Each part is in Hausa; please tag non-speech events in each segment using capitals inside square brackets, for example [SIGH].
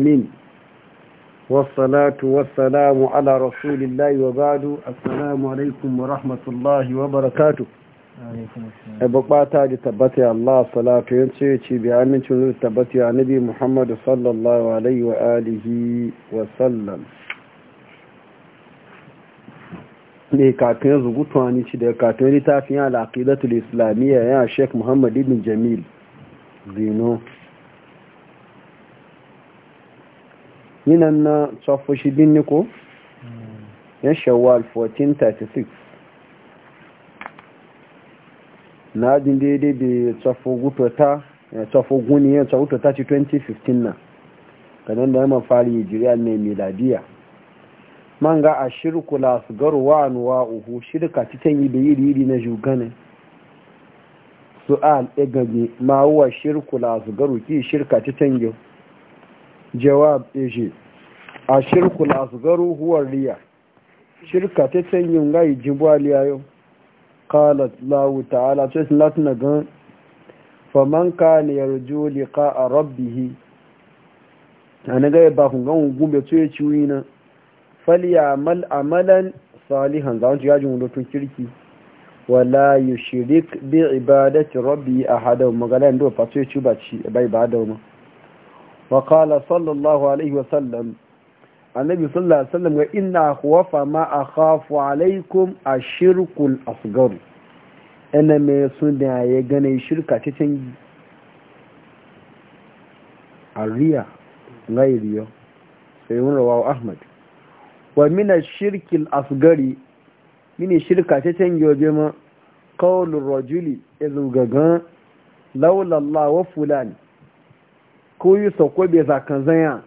amin والصلاة wasalamu ala رسول wa ba'du السلام عليكم wa rahmatullahi wa barakatu a bukata da tabbata Allah salatu yin ce ce bi amincin zuwa tabbata ya nabi Muhammadu sallallahu alaihi wa alihi wa sallam ne kafin zugutuwa ni ci da kafin littafin alaƙidatul islamiyya ya shek Muhammad ibn Jamil Zino yinan na tsofo shi bin niko hmm. yan shawwal 1436 na jin daidai da ya gutota eh, tsofo guni yan eh, tsofo ta ci 2015 na kanan da yamma fari hijiriya ne miladiya man ga a shirku a nuwa uhu shirka titan yi da yiri-yiri na shuganin su ɗagabe eh, ma huwa shirku lasgaru ki shirka titan yi jawab eje a shirku asgaru huwa riya shirka ta canyin gai jibaliya yau qalat lahu ta'ala sai sun latin gan faman kana yarju liqa'a a ana ga ba kun gan gube to ya ciwi na falyamal amalan salihan zan ji yajin kirki wala yushrik bi ibadati rabbi ahada magana ndo fa to ya ci ba ci bai ba da mu وقال صلى الله عليه وسلم النبي صلى الله عليه وسلم وإن أخوف ما أخاف عليكم الشرك الأصغر أنا ما يصنع يغني شركة تتنجي الرياء غير يو سيقول رواه أحمد ومن الشرك الأصغر من الشركة تتنجي وبما قول الرجل إذ غغان لولا الله وفلاني ko yi sauko bai zakan zanya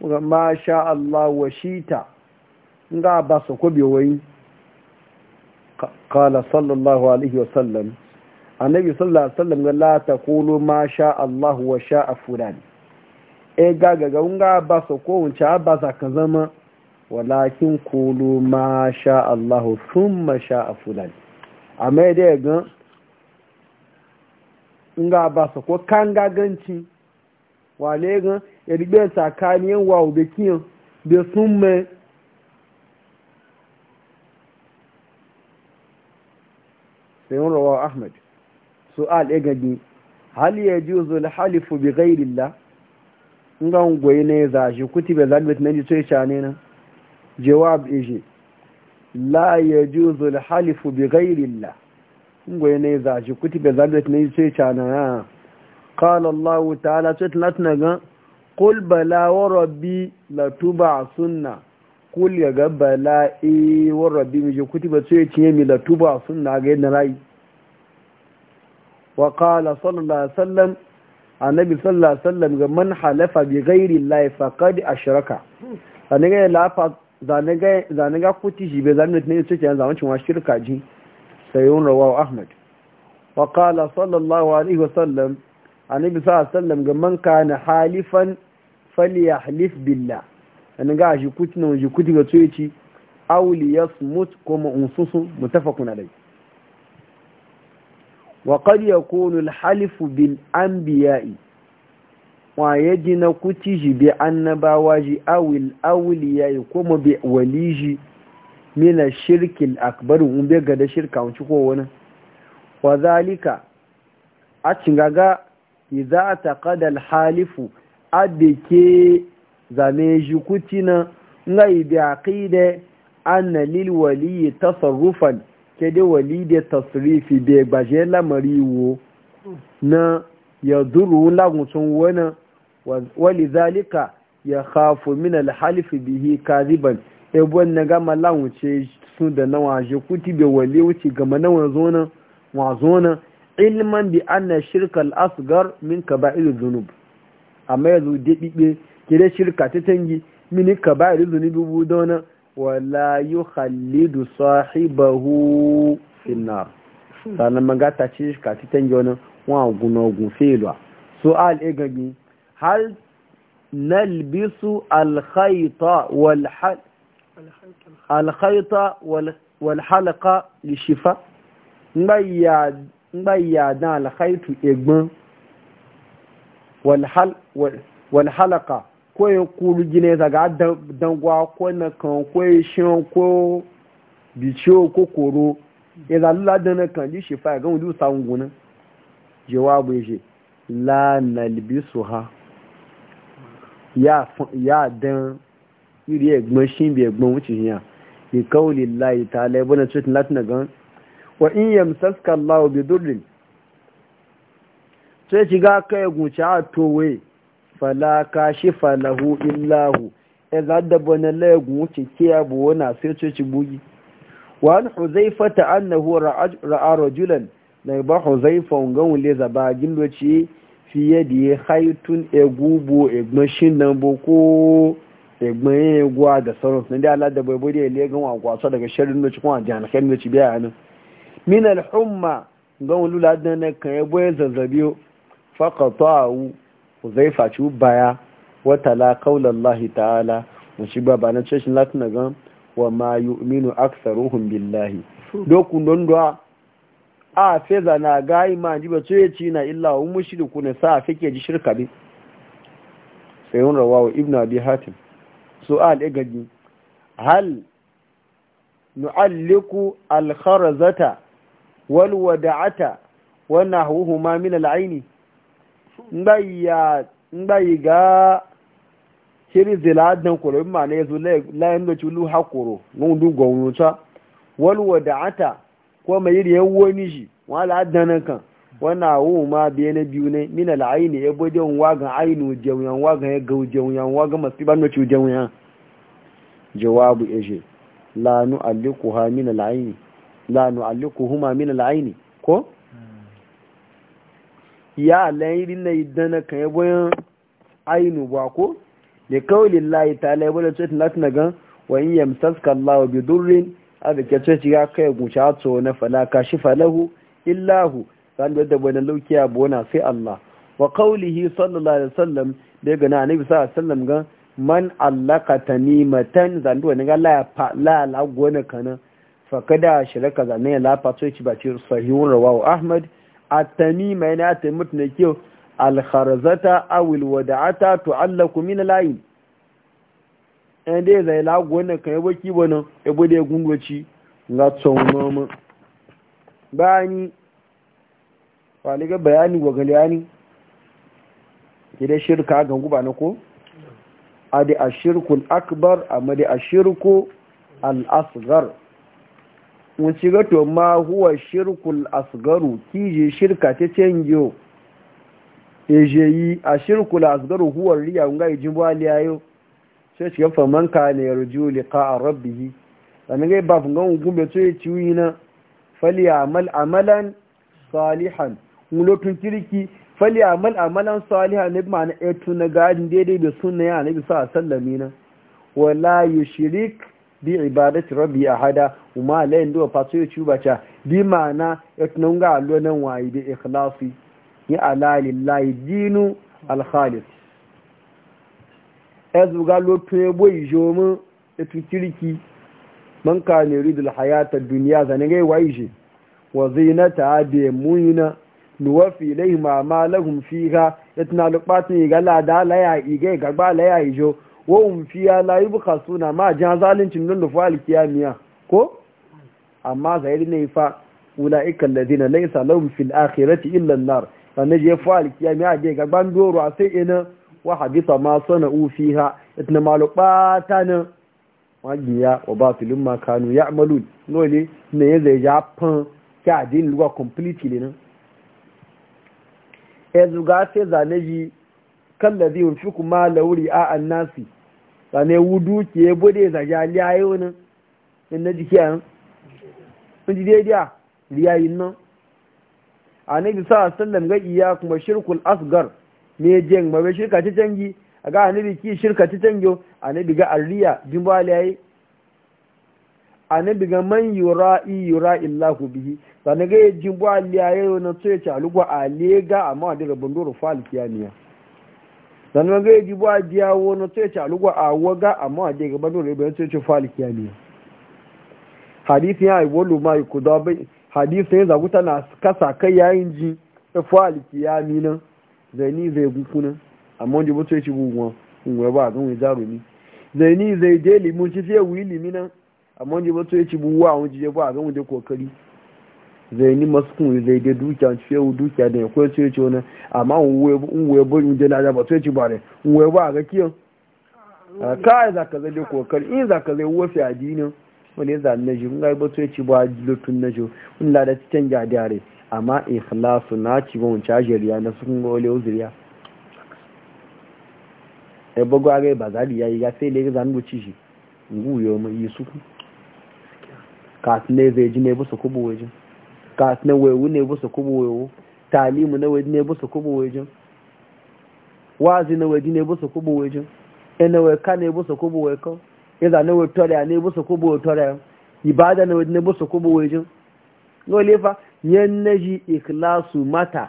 ga masha Allah wa shita nga ba sauko bai wai kala sallallahu alaihi wasallam annabi sallallahu alaihi wasallam ga la kulu ma sha Allah wa sha fulan e ga ga nga ba sauko wunce ba zakan zama walakin kulu ma sha Allah thumma sha fulan amma dai ga nga ba sauko kan gaganci wale gan erigbe tsakaniyan wa obe kiyan da sun mai sayin rawa ahmad su'al ya gani hal ya ji zul halifu bi la. ngan goyi ne za shi kuti be zalbet na ji to ya ne na jawab ishe. la ya ji zul halifu bi ghairilla ngoyi ne za shi kuti be zalbet na ji to ya na قال الله تعالى تتلتنا قل بلا وربي لتبع سنة قل يا بلا إي وربي مجي كتب سيتيمي لتبع سنة غير رأي وقال صلى الله عليه وسلم annabi sallallahu alaihi wasallam man halafa bi ghairi llahi faqad ashraka zanaga lafa zanaga zanaga kuti jibe zamin ne suke yanzu wancin wa shirka ji sayyun rawahu ahmad wa qala sallallahu alaihi wasallam annabi sa sallam ga man kana halifan falyahlif billah an ga shi kuti na shi kuti ga tsoyici aw li yasmut kuma unsusu mutafakun alai wa qad yakunu al-halifu bil anbiya'i wa yajina kuti ji bi annabawa ji awil awliya kuma bi waliji min ash-shirk al-akbar um ga da shirka wuce ko wani wa zalika a gaga idza ta al-halifu ke zane jukutina ngai bi aqide anna lil wali tasarrufan kede wali de tasrifi be gbaje lamari wo na yaduru wona wali zalika ya khafu min al-halif bihi kadiban e na gama lawuce su da nawa je kuti be wali wuce gama nawa zona wa zona ilman bi anna shirka al-asghar min kaba'ir dhunub amma yanzu dabibe kire shirka ta tangi min kaba'ir dhunubi bu dona wala yukhallidu sahibahu finnar sanan manga ta ci shirka ta tangi wani wa guno gun felwa su'al e gabi hal nalbisu al-khayta wal hal al-khayta lishifa ngba yadan alkhaitu egbon walhal walhalaka ko ya kulu gine daga dangwa ko na kan ko ya shan ko bicho ko koro ya zalula dana kan ji shifa ya gama dusa nguna jawabu ya ce la nalbisu ha ya dan iri egbon shi bi egbon wuce ya ikawulin layi ta laibuna cikin latin gan wa in yamsaska Allah bi durrin sai shiga kai guci a towe fala kashifa falahu illahu e za da bana lagu wuce ke abu wana sai ce ci bugi wa an huzaifata annahu ra'a rajulan la ba huzaifa ngan wule zaba gindoci fi yadi haitun egubo egmashin nan boko egmayin egwa da sauransu na da ala da bai bude ile gan wa kwasa daga shirin da cikin wa kan da ci biya nan min al-humma don lula dana kan ya boye zazzabi faqata'u zaifa ci baya wa tala ta'ala mun bana Ba na cikin latin gan wa ma yu'minu aktharuhum billahi dokun don da a feza na ga iman ji ba ce ci na illa wa mushriku ne sa fike ji shirka bi sai yun rawawa ibnu abi hatim su'al e gaji hal nu'alliku al wal wada'ata wa nahwuhuma min al aini ngbayya ngbayiga shiri ziladan kuro ma ne zo layan da chulu hakuro ngun du gwunta wal wada'ata ko mai riye woni shi wala adana kan wana wu ma biye na biyu ne min al aini e bode wagan ainu jawyan wagan ya gau jawyan wagan masiban no chu jawyan jawabu eje la nu alikuha min al aini la nu'alliquhuma min al-aini ko ya lairi na idana kan yabo yan ainu ba ko da kawai lillahi ta layi da ce na tana gan wa in yamsaska Allah bi durrin a da ke ce ya kai guce ato na falaka shi falahu illahu san da da wani laukiya bona sai Allah wa qawlihi sallallahu alaihi wasallam da ga na annabi sallallahu alaihi wasallam gan man allaka tanimatan zan do ne ga la la la gona kana fakada shiraka zane ya lafato ci ba ce sahihun rawahu ahmad a tamima yana ta mutune kyau al-kharzata aw al-wada'ata tu'allaku min al-ayn en dai zai lagu wannan kai baki wannan e bude gungoci ga tsoma mu bani wani ga bayani wa galiyani kida shirka a gangu ba na ko A da ashirkul akbar amma da ashirku al-asghar wunci gato ma huwa shirkul asgaru kiji shirka ta canjo ejeyi a shirkul asgaru huwa riya nga ijin bali ayo sai shiga man ka ne yarju liqa rabbih sanin ga ba fungan gumbe to yi ciwi na fali amal amalan salihan mulotun kirki fali amal amalan salihan ne ma e na etu na gadin daidai da sunna ya nabi sa sallamina wala yushrik bi ibadati rabbi ahada uma la ndo fa so yuci bacha bi mana etnunga alwa nan wayi bi ikhlasi ya ala lillahi dinu al khalis azu ga lo to boy jomu etu kiriki man ka ne ridul hayata dunya ga wayi je wa zinata bi muina nuwafi ilayhim ma lahum fiha etna pati ga la da la ya ige ga ba la ya ijo wa fiya fiya buka suna, ma jihar zalincin nan da fa'al kiyamiya ko amma zahiri ne fa zina na isa laun fil akirati illan nar sannan je fa'al kiyamiya dai ga bandoro a sai ina wa hadisa ma sana'u fiha itna malubata na magiya wa ba su lumma kanu ya'malun noli ne zai ja ka din luwa ne nan ya sai zane yi kallazi yunfiku lauri a annasi sane wudu ke bude za jali ayo wani in na jiki an in ji daidai a riyayin nan a nabi sa sallam ga iya kuma shirkul asgar ne jen ma bai shirka ta cangi a ga anabi ki shirka ta cangi anabi ga arriya yi a anabi ga man yura'i yura'i illahu bihi sane ga jimbali yi wani tsoye ta a lega amma da rabin doro fal sannan zai ji ba jiya wani sai ce alugwa a waga amma a je gaban nuna ibrahim sai ce fali kiyami hadisi ya yi wolo ma ku da bai hadisi ya zaguta na kasa kai yayin ji ta e fali kiyami nan zai ni zai guku nan amma wani jibutu ya ci guguwa in ba a gan wani jarumi zai ni zai je limun ci sai wuyi limi nan amma wani jibutu ya ci buwa wani jibuwa a gan wani kokari zai ni maskun zai dai dukiya yau dukiya da ya kwaya ce ce wani amma wuwe bo in je laja ba ce ci bare nwe ba ga kiyan kai za ka zai kokari in za ka zai wofi addinin wani za na ji ngai ba ce ci ba lutun na ji in lada da cikin ja dare amma ikhlasu na ci ba wancan jariya na sun gole uzuriya ya e bago aga ba za ya yi ya sai le zan buci shi yau mu yi su ka ne zai ji ne bu su kubu wajen kasu na wewu ne busa kubu wewu talimu na waje ne busa kubu wajen wazi na waje ne busa kubu wajen ina wai ka ne busa kubu wai kan iza na wai toriya ne busa kubu wai toriya ibada na waje ne busa kubu wajen no lefa yan naji ikhlasu mata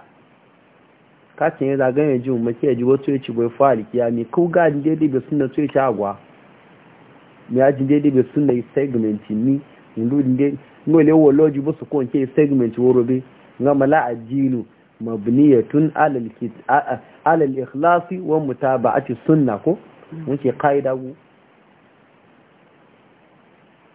ka ya zagayen ya ji umarci ya ji wasu ya ci bai fari kiyami ko ga jin daidai bai suna su echi ci agwa ya jin daidai bai suna yi segmenti ni lulun daidai ngo le wo loji bo su ko segment woro bi nga mala ajinu mabniyatun ala al ala al wa mutaba'ati sunna ko muke mm. qaida gu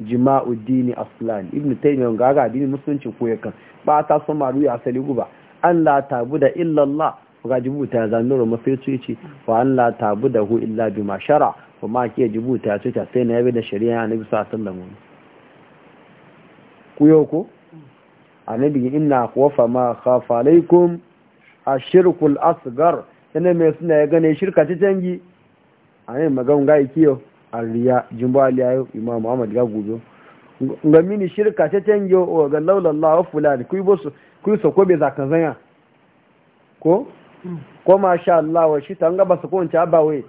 jima'u dini aslan ibnu taymiyyah ga ga dini musulunci ko yakan ba ta so maru ya asali ba an la tabuda illa allah ga jibuta zanuro mafiyaci ce wa an la tabuda hu illa bima shara kuma ke jibuta ce ta sai na yabe da shari'a annabi sallallahu alaihi wasallam kuyoko yau ko ina inna wafa ma khafa alaikum ashirkul asgar yana mai suna ya gane shirka ta tangi annabi magan ga ikiyo arriya jimbo aliyayo imam muhammad ya guzo ga shirka ta tangi o ga laulala wa fulani ku bosu ku so ko be zakan zanya ko ko sha Allah wa shi tanga ba su ko ta ba wai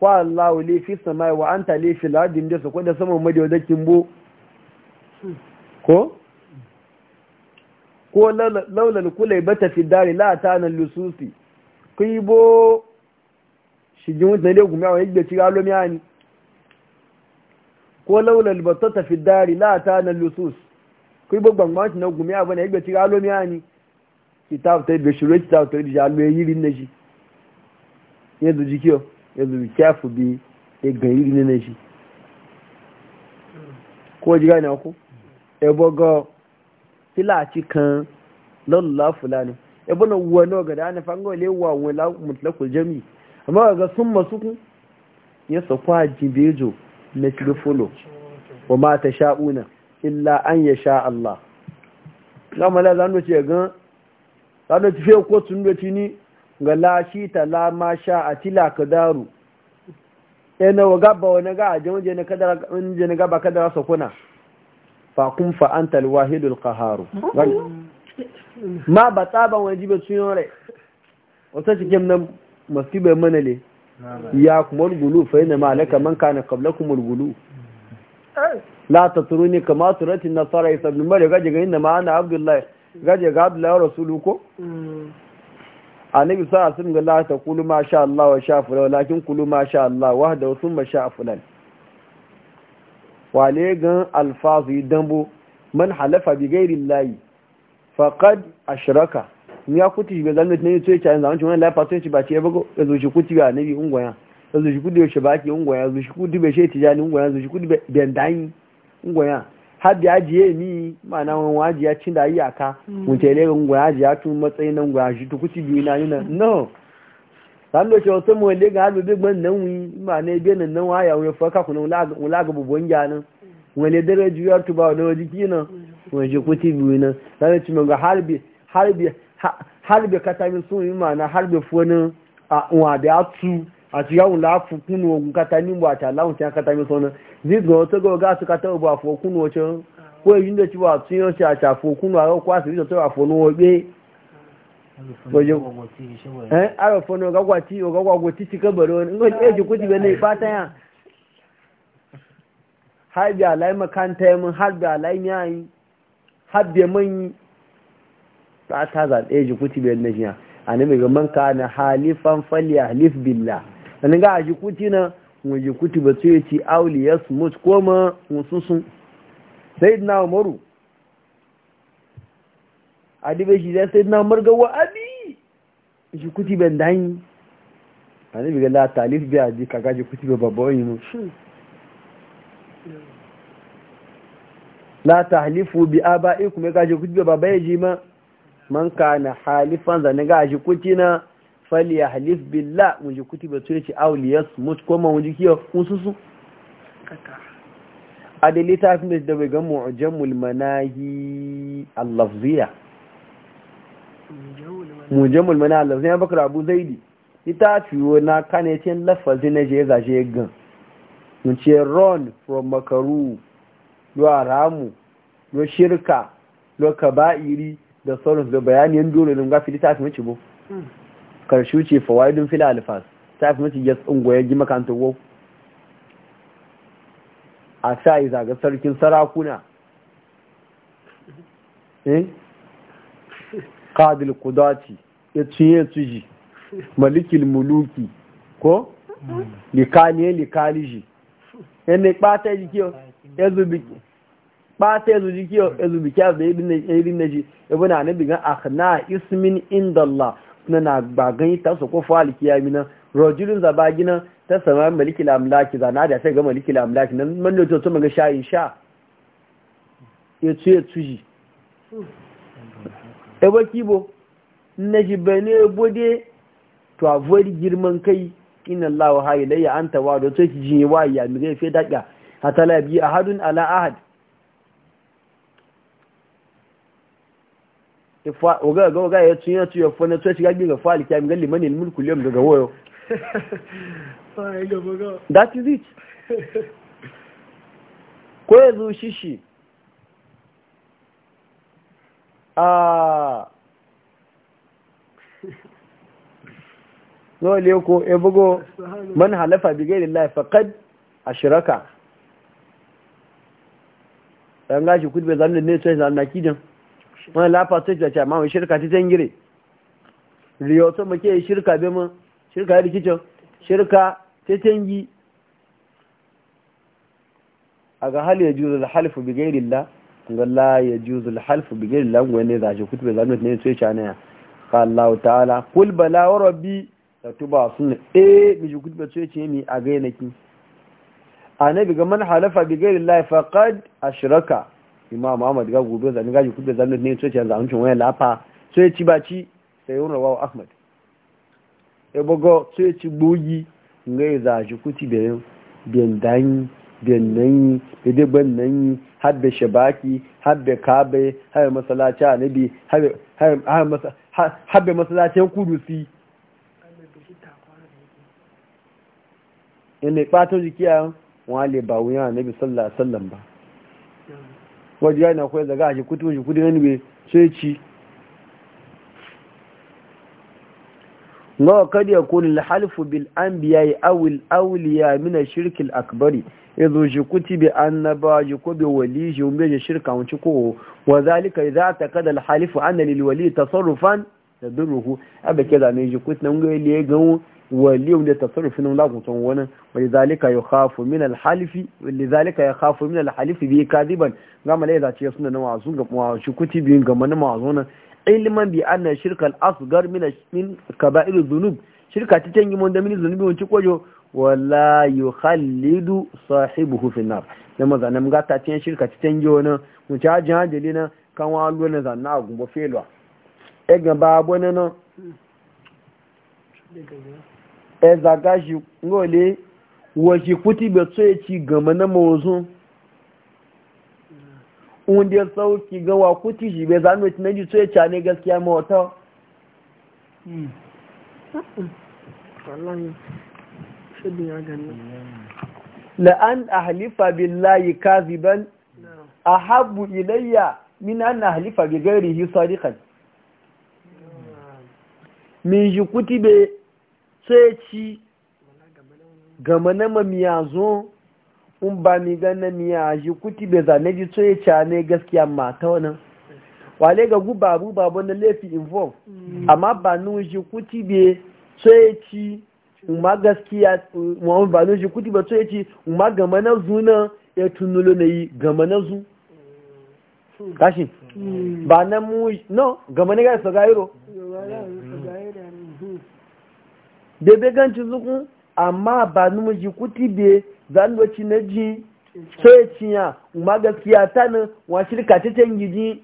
ko Allah wa fi samai wa anta li fil ardi da su ko saman sama madiyo da kimbo ko ko laulal kulai bata fi dare la ta nan lususi kai bo shigin wuta ne gumi a wani gaci galo miya ne ko laulal bata ta fi dare la ta nan lusus kai bo gbangbanci na gumi a wani gaci galo miya ne kitab ta da shiro kitab ta da jalo yi rin na shi yanzu jikiyo yanzu bi kyafu bi ya ga yi rin na shi ko ji gane ku ebogo tilaci kan lalla fulani ebona wani ga da ana fango le wa wala mutlaqul jami amma ga sun masu ku ya sakwa jibejo na tilfolo wa ma tasha'una illa an yasha Allah kama la zan ce ga zan ce fe ko tun da ni ga la shi ta la ma sha a tila kadaru ena wa gaba na ga a je na kadara je na gaba kadara sakuna fakun fa'antar wahidul kaharu ma ba tsaban jibin tun rai wata cikin nan masibar mana ne ya kuma rugulu fa yana malaka man kana kabla kuma rugulu la ta turu ne kama turatin nasara isa bin mara gaji ga inda ma'ana abdullahi gaji ga abdullahi rasulu ko annabi sa sun ga la ta kulu ma sha Allah wa sha fulan lakin kulu ma sha Allah wahda sun ma sha fulan wale gan alfazu dambo man halafa bi gairi layi faqad ashraka ni ya kuti be zanga ne to yace zanga cin wani lafa to ba ce ya bago ya zo shi kuti ga nabi ungwaya ya zo shi kuti yaushe ba ke ungoya zo shi kuti be shi tijani ungoya zo shi kuti be bendani ungoya har da ajiye ni ma'ana wani wajiya cin da iyaka mutele mm. ungwaya ajiya tun matsayin ungoya shi tukuti kuti biyu na ni no salo ce wasu mu ga halu bigban nan wi ma ne be nan nan waya wi fa ka kunu ula ga bubun ja nan wani dare juya tuba da waji kina wani je kuti biyu nan sai ci mun ga harbi harbi kata min sun yi mana harbi fona a wa da atu a ci yawon lafu kunu ogun kata ni wa ta lawun ta kata min sona zid go to go ga kata ba fo kunu wace ko yin da ci tun a ta kunu a ko ta eh ara fono ga gwati o ga gwago titi kabaro ngo ah, e ji kuti bane fata eh. ya har bi alai makanta mun har bi alai yayi har bi mun ta ta za e kuti bane ne ya annabi ga man kana halifan falyahlif billah an ga ji kuti na mu ji kuti ba su yi ci auli ya yasmut koma mususun na umaru bai shi zai sai na marga wa abi shi kuti ben a ani bi la talif biya ji kaga shi kuti be babban yi mu hmm. la tahlifu bi iku ga ji kuti be babban ji ma man na halifan zane ga ji kuti na bi la mu ji kuti be tsoye ci awliyas mut ko koma mu ji kiyo kunsusu adalita a da bai gan mu'jamul mulmanahi a lafziya mujamul mana Allah sai bakar abu zaidi ita ciwo na kane cin lafazi na je zaje gan mun ce run from makaru lo aramu lo shirka lo kaba'iri da sauran da bayanin dole don gafi ta fi mace bo hmm. karshe ce fawaidun fil alfas ta fi mace ya ya gima makanta wo a sa yi zaga sarkin sarakuna hmm. eh kadil kudati ya ciye tuji malikil muluki ko likaniye ji yana kpata ji kiyo ezubiki kpata kiyo ezubiki abu irin na ji ebe na anabi gan akhna ismin indallah suna na gbagan ita su kofa ya mina rojirin zaba gina ta sama malikil amlaki zana da sai ga malikil amlaki na mandoto su maga shayin sha ya ci tuye tuji ebe kibo na shi bane bude to a avoid girman kai inna Allah wa hayi laye an tawa da to ji wa ya mi zai fe daga a la bi ahadun ala ahad ifa oga ga oga ya tunya tuya ya na to shi ga ga fali kai mi mani liman al mulku liyam daga wayo that is it [LAUGHS] ko yanzu shishi Ah. a nole ko ya eh, bugo man halafa bi gairi Allah a shiraka ɗan gashi kudu bai zanen ne sai na kidan wani lafa sai ta ce ma shirka ta tangire riyoto to muke shirka bai mu shirka ya rikicin shirka ta tangi a ga hali ya juzu da halifu bi gairin Allah la ya juzul halfu bi ghairi langwa ne zaje kutube zanu ne sai cha ne ka Allah ta'ala kul bala wa rabbi tatuba sunna eh mi kutube sai ce ni a ga yanki annabi ga man halafa bi ghairi la faqad ashraka imam ahmad ga gobe zanu ga kutube zanu ne sai cha zanu cin waya lafa sai ci baci sai yuna wa ahmad e bogo sai ci boyi ngai zaje kutube biyan dan biyan nan yi da ban nan har da shabaki har da kabe har da masalacin anabi har da masalacin kudusi inda ɓato jiki a wale ba wuyan anabi sallallahu sallam ba wajen yana kawai zaga a shekutu jikutu jikutu na bai sai ci nawa kad yakun al-halfu bil anbiya'i aw al-awliya min ash-shirk al-akbari izu shi kuti bi annaba ji ko bi wali ji umbe ji shirka wuci ko wa zalika idza taqada al halifu anna lil wali tasarrufan tadruhu abe da ne ji kuti nan ga ile ga wali wanda tasarrufin nan lagun ton wani wa zalika yakhafu min al halifi wa zalika yakhafu min al halifi bi kadiban gama lai zace suna nan wazu ga shi kuti bi ga mana mawazo nan ilman bi anna shirka al asghar min min kaba'ir dhunub shirka ta tangi mon da min zunubi wuci kojo wala yukhallidu sahibuhu fi nar na maza na mga ta tiyan shirka titen tan yo na mu ta jin hajali na kan wa lo na zanna agun bo felwa e gan ba bo na na e zaga shi ngole wo shi kuti be so e ci gama na mozun unde sauki ga wa kuti shi be zanu ti na ji so e ca ne gaskiya mota hmm. mm. wallahi la'an ahlifa billahi kaziban ahabbu ilayya min an Halifa bi ghairihi sadiqan min jikuti be ceci gama na mamiyazo in ba mi gana miyaji kuti be zane ji ceci ne gaskiya mata wannan wale ga gubabu babu na laifi involve mm. amma ba nun jikuti be ceci ma gaskiya mu ba shi kuti ba to yace ma gama na zuna ya tunulo na yi gama na zu hmm. kashi hmm. ba na mu no gama ne ga so ga yiro hmm. bebe ganci zuku amma ba nu mu ji kuti be zan ci na ji so ya ciya ma gaskiya ta nan wa shirka ta tangi ji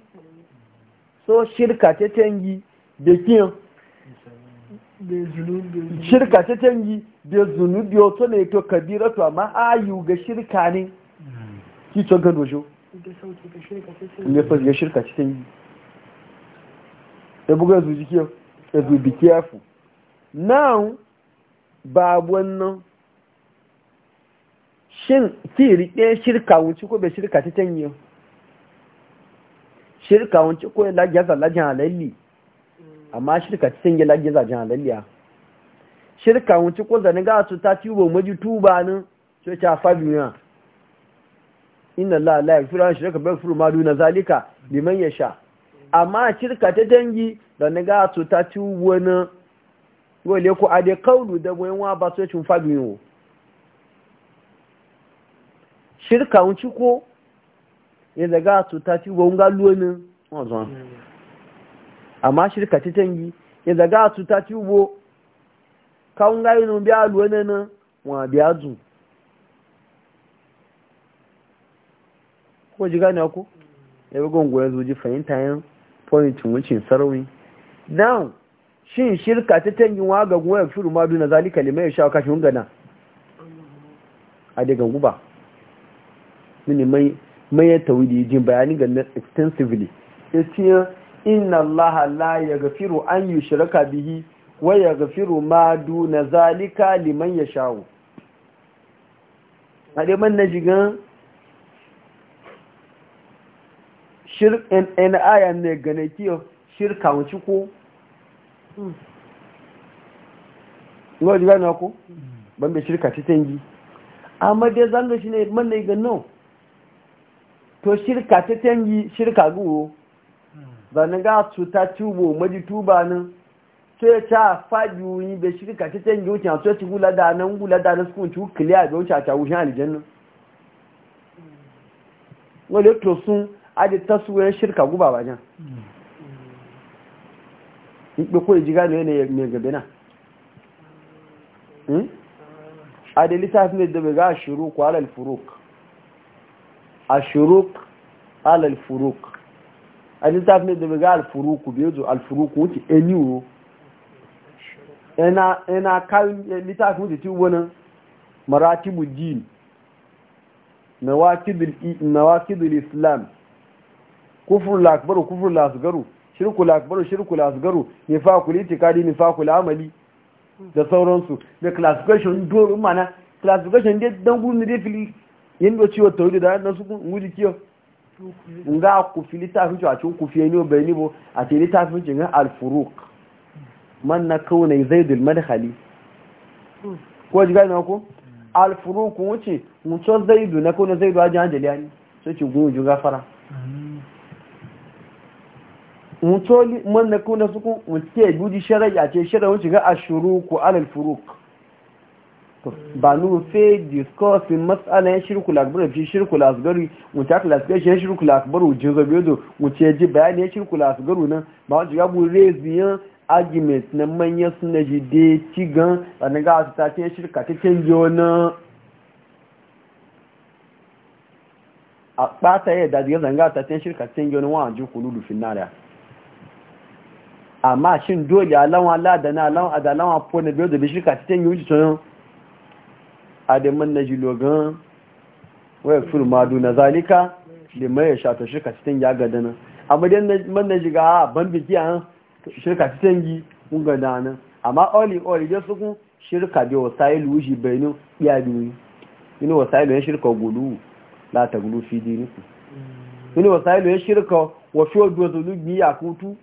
so shirka ta tangi da kiyan shirka ta canji da zunubi wato ne to kabira to amma ayu ga shirka ne hmm. ki to ga dojo ne fa ga shirka ta canji da buga zuji ke da zubi careful now ba wannan shin ki rike shirka wuce ko bai shirka ta canji shirka wuce ko ya lagya zalajan alalli amma shirka cikin gila giza jihar lalliya shirka wuce ko zane ga su ta ciwo maji tuba ne sai ta fadu yana inna la la yaghfiru shirka bai furu ma duna zalika liman yasha amma shirka ta dangi da ne ga su ta ciwo na wale ko ade kaulu da boyen wa ba sai ta fadu ne shirka wuce ko ya daga su ta ciwo ga luwanin wannan amma shirka ta tangi ya zaga su ta ci ubo kawun gari nun biya luwa na nan wa biya zu ko ji gani ku ya bi gungun ya zoji fahimta yin pointin wucin sarwi now shin shirka ta tangi wa ga ya fi ruma duna zalika limai ya sha kashin gana a daga guba mini mai ya tawidi jin bayani ga extensively ya inna allaha la ya gafiru an shirka bihi wa gafiru ma duna zalika liman a ade man najigan shirkin en aya ne gane kiyo shirka wuci ko ngo diga na ko ban bai shirka ci tangi amma dai zanga shi ne man ne nan to shirka ta tangi shirka guwo zane ga cuta tubo maji tuba nan ce ta faɗi wuyi bai shi ka ta canji wuce a tsoci gula da nan gula da nan sukun cikin kiliya bai wuce a ta wuce alijan nan wale to sun adi taswiyar shirka guba ba jan ikpe ko ijiga ne ne mai gabe na hmm? adi littafin da dabe ga a shiruk alal furuk a shiruk alal furuk a littafin da ga alfuruku bai zo alfuruku wuce eni eh, wuro yana eh, eh, kayan littafin wuce ci wani maratibu din nawakidul islam kufur lakbaru kufur lasgaru shirku lakbaru shirku lasgaru nifakul itikadi nifakul amali da sauransu da classification dorin mana classification dai don gudun da ya fili yin da ciwo tauri da na su gudu kiyo nga kufi littafin a cikin kufi ne bai nibo a ce littafin cin alfuruk man na kaunai zaidul madhali ko ji gani ko alfuruk wuce mutum zaidu na kaunai zaidu ajin hajjaliya ne so ce gun ju gafara mutum man na kaunai suku mutum ke guji a ce shari'a wuce ga ashuruku alalfuruk ba nu fe discussing ya shirku akbar fi shirkul asgari mun ta classification shirkul akbar wujin zabedo mun ce ji bayani ya shirku asgaru nan ba wani ga bu argument na manyan suna ji de ci gan sannan ga su ta ce shirka ta canje wani a ɓata yi da zanga ta ce shirka ta canje wani wa'an ji kulu rufin nariya amma shin dole alawan ladana alawan adalawan fone biyo da bishirka ta canje wuce tsoyon adamin na jilogan waya firmadu na zalika da mai shata shirka cikin ya gada nan amma dai man na jiga a ah, ban biki shirka cikin yi mun gada nan amma oli oli dai sukun shirka da wasail wuji bainu iya biyu ina wasail ya shirka gulu la ta gulu fi diniku ina wasail ya shirka wa fi zulu bi ya kutu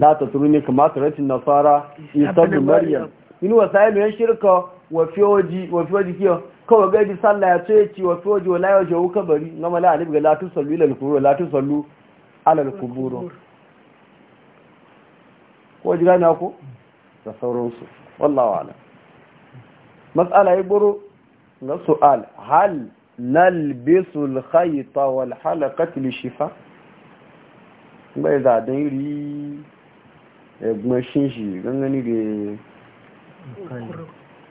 la ta turuni kamar ratin nasara isa da maryam ina wasail ya shirka wafiyoji wafiyoji kiyo kawai gaji sallah ya ce ci wafiyoji wa layo jawo kabari na mala alif ga latin sallu ila al latin sallu alal ala ko ji gani ku da sauransu wallawa ala matsala ya buru na su'al hal nalbisu al-khayta wal halaqati li shifa bai za dan ri egbon shinshi gangani da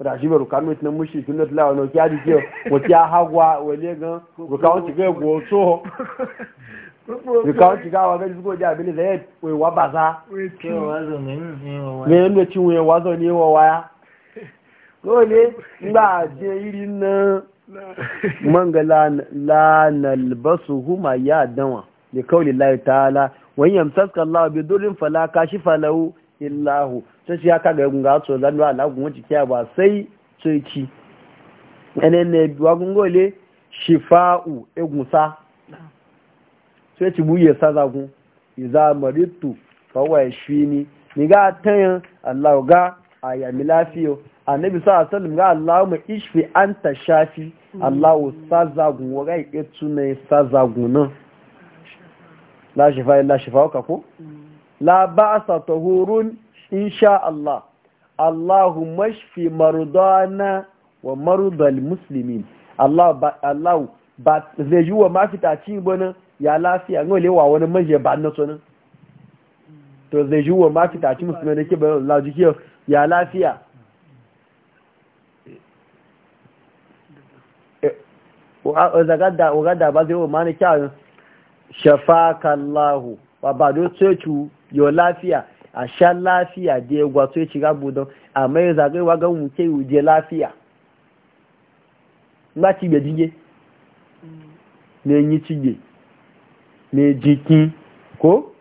rashibar rukanu itinan mushi tun da tulawa na kya jike wata ya hagwa wale gan rukawun shiga ya goso rukawun shiga wa gani suko ja abin da ya wewa ba za ne yadda ci wuyan wazo ne wa waya dole ba je iri na manga lanal basu huma ya dawa da kawai lillahi ta'ala wani yamsaska Allah bi dolin falaka shi falau illahu sai shi aka ga gunga so zanu ala gun wuce kiya ba sai tsoki ene ne wa gungole shifa'u egunsa sai ci buye sazagun iza maritu kawai shi ni ni ga tayin Allah ga ayami lafiyo annabi sa sallam ga Allah mu ishfi anta shafi Allah sazagun wa ga ike saza sazagun na. la shifa illa shifa ka la ba'sa tahurun insha Allah Allahumma shfi marudana wa marudal muslimin Allah ba Allah ba zai yi wa mafita ci bana ya lafiya ngo lewa wani manje ba na sonin to zai yi wa mafita ci musulmai da ke bayan Allah jikiyar ya lafiya ga da ba zai wa mani kyawun shafakallahu wa ba don ceci. yo lafiya a sha lafiya da ya gwato ya shiga budon a mai zagaiwa ga wuce wuje lafiya ba ci ga jige ne yi gbe ne jikin ko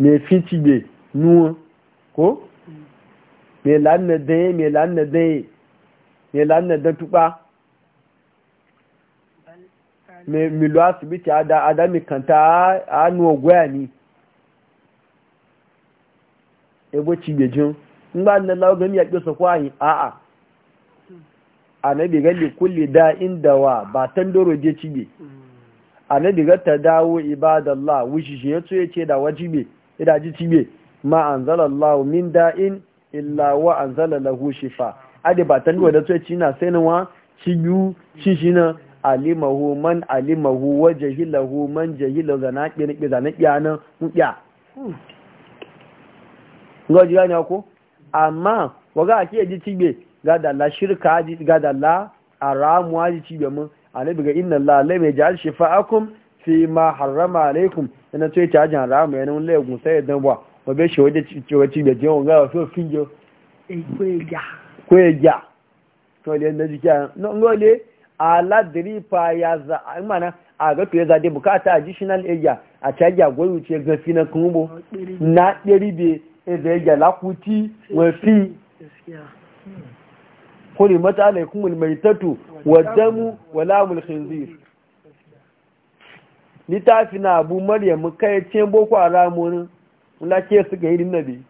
ne fi gbe nuwa ko me lanna daya ne lanna daya ne lanna da tuba ne milo asibiti adami kanta a nuwa gwaya ni ebo cibejin in ba nan lawo gani ya ƙi su kwayi a a na biga li kulle da inda wa ba tan doro je cibe a na biga ta dawo ibadallah wushi shi ya tsoye ce da wajibe ida ji cibe ma anzalallahu min da'in illa wa anzala lahu shifa ade ba tan doro da tsoye ci na sai wa ciyu shi shi na alimahu man alimahu wa jahilahu man jahila zanaqi zanaqi anan mutiya ga ji gani ko amma waga ake ji cibe ga da la shirka ji ga da la aramu ji cibe mun annabi ga inna allaha la yaj'al shifa'akum fi ma harrama alaikum ina to yace ajin haramu yana mun laye sai da ba ba be shi waje ciwe cibe je waga so finjo kweja kweja to le na jikiya no ngole ala dripa ya za mana a ga to ya zade bukata additional area a caja gwayo ce gafi na kumbo na ɗari biyu da ya gyala kuti wafi kuri mata alaikun mulmaitatu wadamu wala mulkhinzir fi na abu maryamu kai ce boko haramun lake su ga irin nabi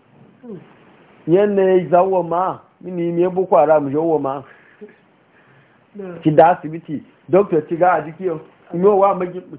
yadda ya zawo ma mini ne boko haramun yawo ma ki da asibiti doktor ci ga a jikiyar imewa magibin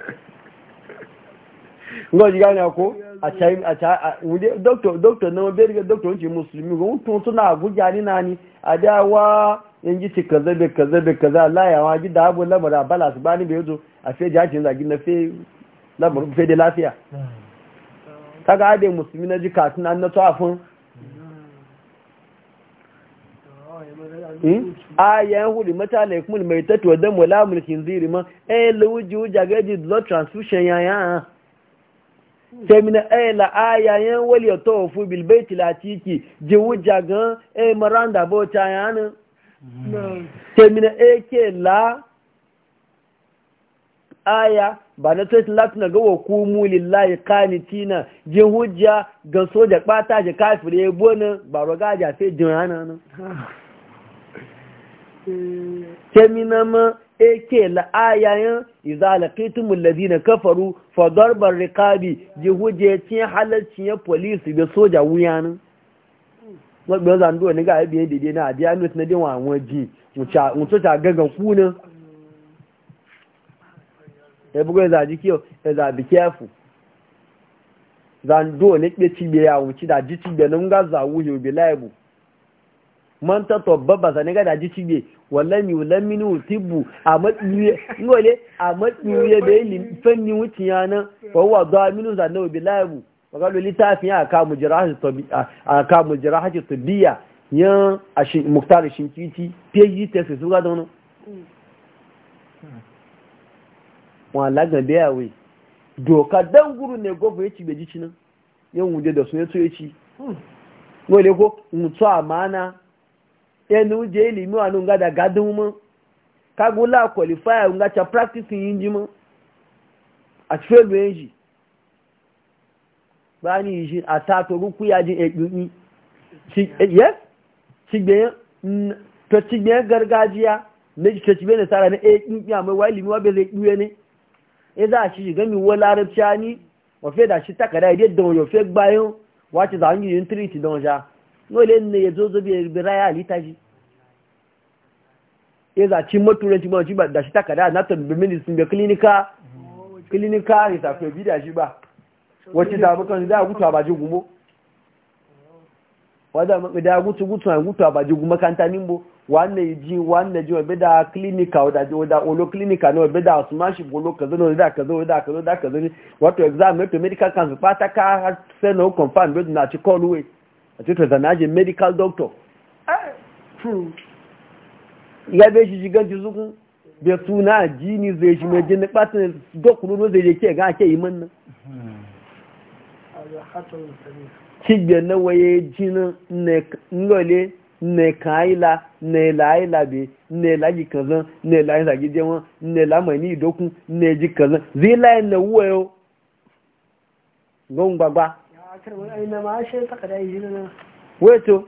ngoji gani ko a chaim a cha wunde doctor na no berga doctor unji muslimi go tun tun na guja ni nani adawa yanji ci kaza be kaza be kaza la ya waji da abu lamara balas bani be yozo a fe jajin zagi na fe lamar fe de lafiya kaga ade muslimi na ka tun an na tafin hmm? ayan huri mata laikumul mai tattuwa don mulamulkin mulkin zirima eh lawuji wujaga blood transfusion yaya sai mina ay eh, la aya yan wali yatofu bil baiti latiki je wuja gan e eh, maranda bo ta yana sai mina eh, ke la aya ba na tsohon latina e, ga wa kumu lillahi tina. jin hujja ga soja bata ji kafin ya bone ba roga ja sai jin hana nan kemina hmm. ma ake la'ayayen izalakitumul ladina kafaru fa darbar riqabi huje cin halarci ya police da soja wuyanin wani zan do ni ga biye dede na adiya not na dinwa waji mucha mucha gagan kuna e bugo za jikiyo e za be careful zan do ne ke cibe ya wuci da ji cibe nan ga za wuyo bi laibu. man ta tobba ba ne ga daji cibe wallan yi wallan mini tibbu a matsiye ngole a matsiye da yi fanni wuci yana fawa zuwa minu zane wa bilayabu wakalo littafin ya aka mujira hajji tabiya ya a muktar shinkiti peji test su ga dono wọn lagan da yawe doka dan guru ne gofa ya ci beji cinan yan wunde da su ya ci ngole ko mutu amana ẹnu jẹ́ ilimi wa nun gada gadun mu kagula qualifier nga cha practice yin ji mu a felu enji bani yi ata to ruku ya ji egbin shi e, yes shi gargajiya ne shi shi ne sara ne egbin ya wa ilimi be zai duye ne e za shi ga mi wa larabci ani da shi takara ide e don yo fe gbayon wa ti don n'o nole ne ya zo zobe bira ya halitta shi ya zaci maturanci ma shi ba da shi takada na tabbin ministin da klinika klinika ne tafiya bi da shi ba wacce da mutum da gutu a baji gumo wadda da gutu gutu a gutu a baji gumo kanta nimbo wannan ji wannan ji wabe da klinika wadda olo klinika ne wabe da su mashi bolo kazo ne da kazo wadda kazo da kazo ni wato exam ne to medical council fata ka se na confirm bai na ci call way a ce zana ji medical doctor ah, ya bai shi shigar ti zukun bai suna jini zai shi mai jini ɓatin dokunono zai je ke ga ake yi manna cibiyar na waye jini nnole ne kaila ne laila be ne laji kaza ne laji zagi jewa ne lamani dokun ne ji kaza zai layin na wuwa yau gbogbo gbagba wato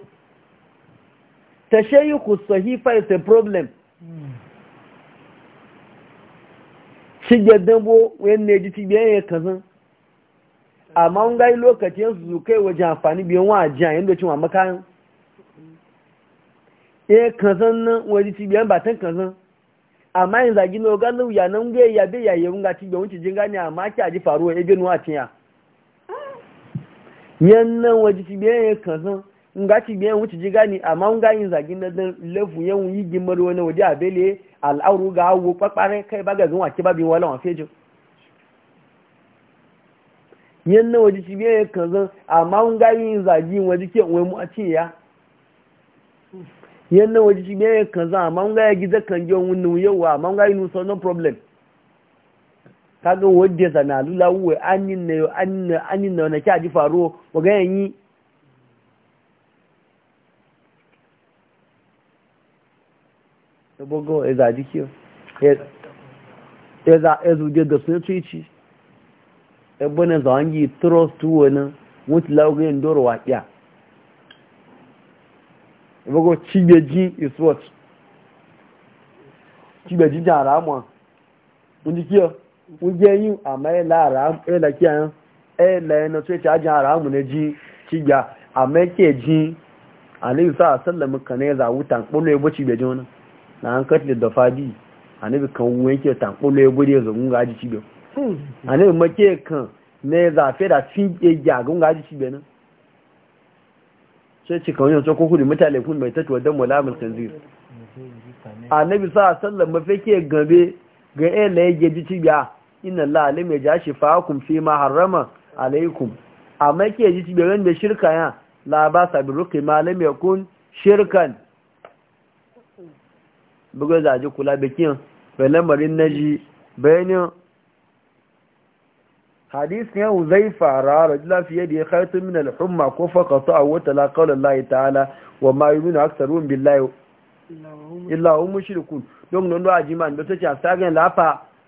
ta shayi ku sahifa is a problem shige bo wani ne ji ti biyan ya kazan amma n gai lokacin su kai waje amfani biyan wa ajiya yin da wa makayan ya e, kazan nan waje ti biyan batan kazan amma yin zagi na wuya nan gaya yabe yayin runga ti biyan wuce jin gani amma ki aji faruwa ebe nuwa ya yannan waje ci biyan ya kazan in ga ci biyan wuce ji gani amma in yin zagin na dan lafu yan yi gimar wani waje a bele al'auru ga hawo kwakwarai kai ba ga zuwa ki ba bin wala wafe jin yannan waje ci biyan ya kazan amma in yin zagin waje ke wai mu a ce ya yannan waje ci biyan ya kazan amma in ya gida kan jiyon wunnin yau amma in yi yin nusa no problem kaga wadda zana lula wuwe anin na yau anin na wani kya ji faruwa waga yanyi sabogo ya zaji kiyo ya zuje da sun tuici ebonin zawangi trust wani mutu lauga yin doro waƙiya sabogo cibeji is what cigbeji jara mu wani kiyo wuje yin amma ya la e la kiyan e la yana to ta ajin haramu ne ji kiga amma ke ji alayhi sa sallam kan ne za wutan kullu ya buci be jona na an katli da fadi bi kan wuwe ke tan kullu ya bude zo mun gaji cibe ma make kan ne za fe da tin ke ga gun gaji cibe na. sai ci kawai yanzu ko kudi mutane kun mai tatuwa dan mulamul tanzir annabi sa sallam mafi ke gabe ga ɗaya da ya geji inna Allah alim ya jashi shifakum fi ma harrama alaikum amma ke ji ci da shirka ya la ba sa bi ruqi ma lam yakun shirkan bugo ji kula bikin bai lamarin naji bayanin hadis ne uzaifa ra rajula fi yadi khaytu min al-humma ko faqata wa tala qala Allah ta'ala wa ma yu'minu aktharuhum billahi illa hum mushrikun don non do ajiman do ta ta sagan lafa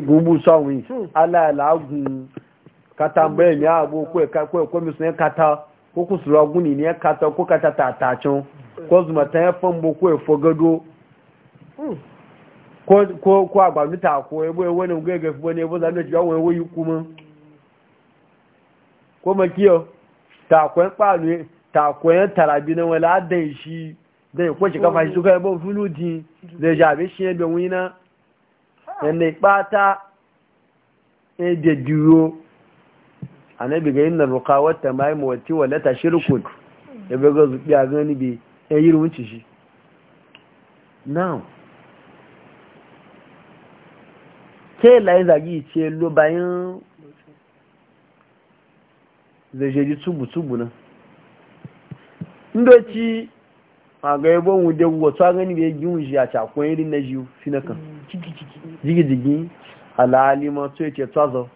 gubu sawun ala lagun kata mbe mi abo ko ka ko ko mi sun kata ko ku sura guni kata ko kata ta ta chon ko zuma ta fon ko fo gado ko ko ko agba ta ko ebo ewo ne ngege fo ne ebo za ne jo won ewo yiku mo ko ma kiyo ta ko en pa ni ta ko en tarabi ne shi ko shi ka shi shi yanayi ɓata da duro a na biga yin na rukawata mai mawati walata shirkun ya biga zuɓi a bi ya yi rumunci shi now ke layin ce lo bayan zajeji tubu-tubu nan ga bi na jiyu fi jigijigi alalima to yake tsazo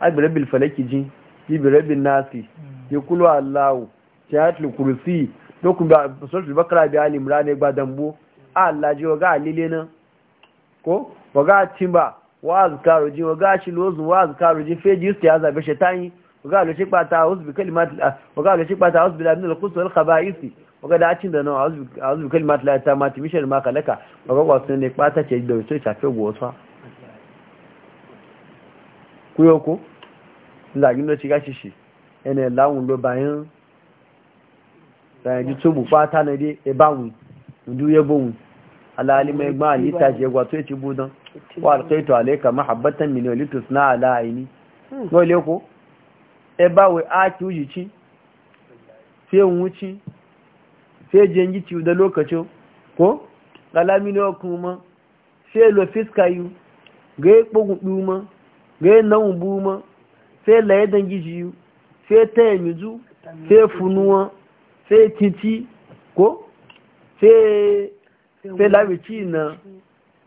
abirabil falaki ji jibirabin nasi ya kulu allahu ta hatul kursi dokun da suratul bakara bi ali imran ne gbadambo allah ji waga alile na ko waga timba wa azkaru ji waga shi lozu wa azkaru ji feji shi be shetani waga lo shi kwata auzu bi kalimat waga lo shi kwata auzu bi da acin da nawa auzu bi ta mati mishal ma kalaka waga wasu ne kwata ce da wato shafe gosa kuyo ko lagin lo shiga shi shi ene lawun lo bayan bayan ji tubu kwata na dai e bawu ndu ye alali mai gba ni je gwa to ci budan wa alqaitu alayka mahabbatan min na ala aini ko ko ẹbá wẹ ákì ujì ci sai wuci sai jengi ci da lokacin ko galamini ma, sai lo fiska yu ga ya kpogun ɗuma ga ya nan buma sai laye dangi ji yu sai ta yamizu sai funuwa sai titi ko sai labici na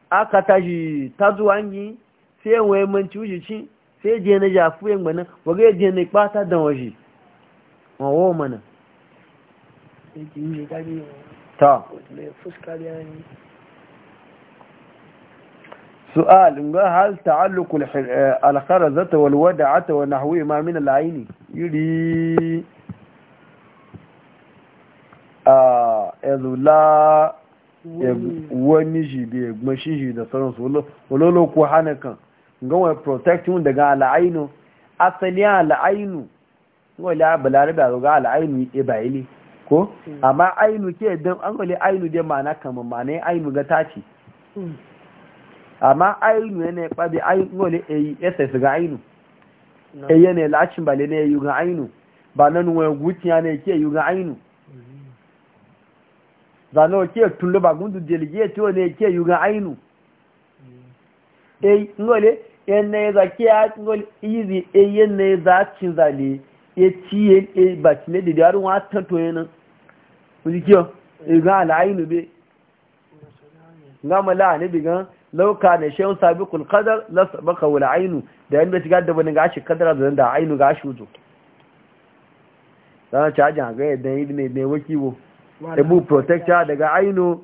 aka taji tazuwangi sai yawon yammanci ujicin sai je na jafu yin mana waga je na ipata da waje wawo mana ta سؤال هل تعلق الخرزة والودعة ونحوه ما من العين يري لا ونجي بيك مشيجي دا صنص ولو لو كوحانا كان gawa protection daga al'ainu asali al'ainu wala balarabe a ga al'ainu ibaili ko hmm. amma ainu ke dan an wale ainu dai mana kamar mana ainu ga taci hmm. amma ainu ne kwabe ainu wale ayi ss ga ainu ayi ne lacin bale ne yi ga ainu ba nan wani gutiya ne ke yi ga ainu hmm. zano ke tullu ba gundu delegate ne ke yi ga ainu ayi ngole. yanayi za ke ya ngol izi e yanayi za cin zale ya ci ya e, e ba ci e ne da yarin watan tanto yana kuji kiyo iga al'ainu be nga mala ne gan lauka yawon sabi sabiqul kadar lasa baka wula ainu da yanda ci da wani gashi kadar da da ainu gashi wuzo dan cajin a ga yadda yi ne wakiwo da e bu protector daga ainu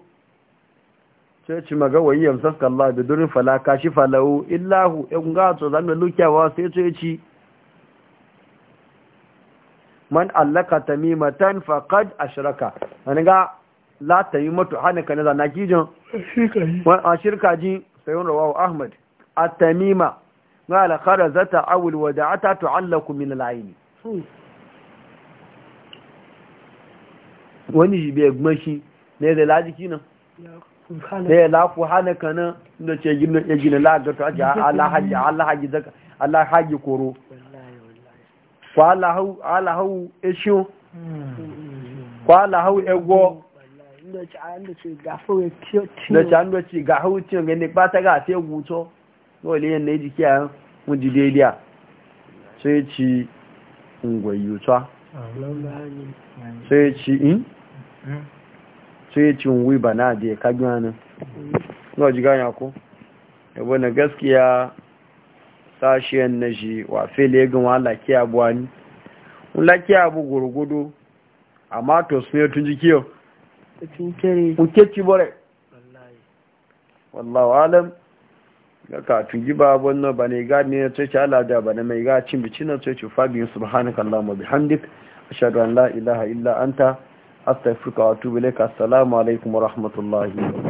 sai ci maga wayi yamsaska Allah bi durin fala kashi falau illahu in ga to zan lukiyawa sai to ci man allaka tamimatan faqad ashraka an ga la tamimatu hanaka na zanaki a shirka ji sai rawahu ahmad at-tamima qala kharazata aw al-wada'ata tu'allaku min al-ayn hmm. wani jibe gmashi ne da lajiki nan da ya lafu hana kana da ce ya gina lagata a jiha alahaji alahaji zaka alahaji koro kwa alahu eshiyo kwa alahu egwo da ci an doci ga hau tiyo gani ba ta ga sai guto wale yin na jiki a wujji daidai sai ci ngwayo ta sai sai ya cin ba na da ya kagi wani zuwa ji ganya ko yabo na gaskiya sashiyan na shi wa fele gan wa laki abu wani un laki abu gurgudu amma to sun yi tun jikiyo ci bore wallawa alam ga ka tun giba wannan ba ne gani na tsoci alada ba na mai gacin bici na sai ci fabi subhanakallahumma bihamdik ashhadu a shaɗuwan ilaha illa anta الفقات ویلیک السلام علیکم و رحمۃ اللہ